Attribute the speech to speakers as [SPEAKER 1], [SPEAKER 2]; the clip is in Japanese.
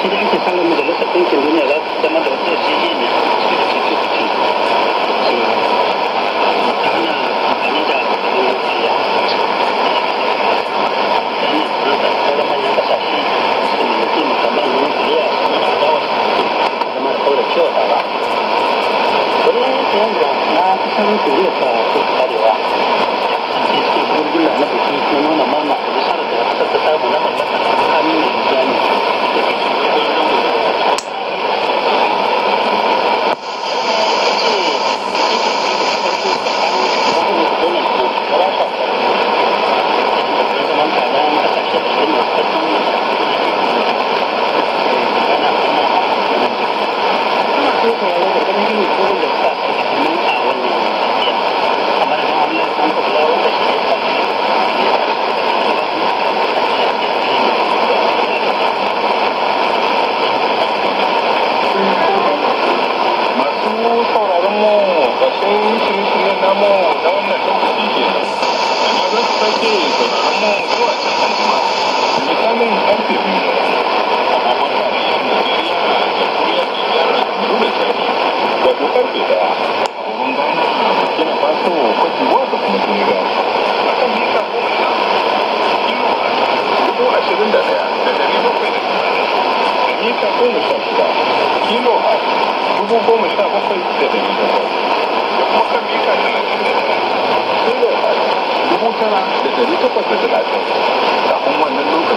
[SPEAKER 1] 实际上那个那个东西里面，那怎么都是机器的。
[SPEAKER 2] Thank you.
[SPEAKER 3] kamu kawan nak tunggu dia Memang dah seperti itu Kamu buat macam mana Vitamin anti-vitamin
[SPEAKER 4] goma sha shida kilo a dubu goma sha bakwai da dari bakwai hutuna da ɗari takwas da talatin kafin wannan lokacin